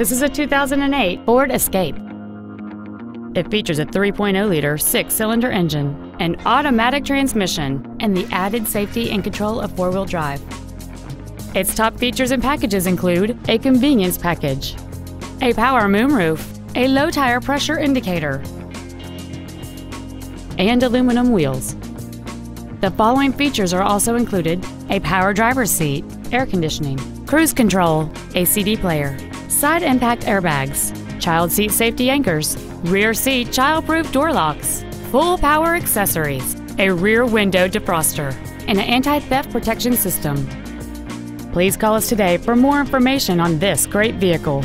This is a 2008 Ford Escape. It features a 3.0 liter six cylinder engine, an automatic transmission, and the added safety and control of four wheel drive. Its top features and packages include a convenience package, a power moonroof, a low tire pressure indicator, and aluminum wheels. The following features are also included a power driver's seat, air conditioning, cruise control, a CD player, side impact airbags, child seat safety anchors, rear seat child-proof door locks, full power accessories, a rear window defroster, and an anti-theft protection system. Please call us today for more information on this great vehicle.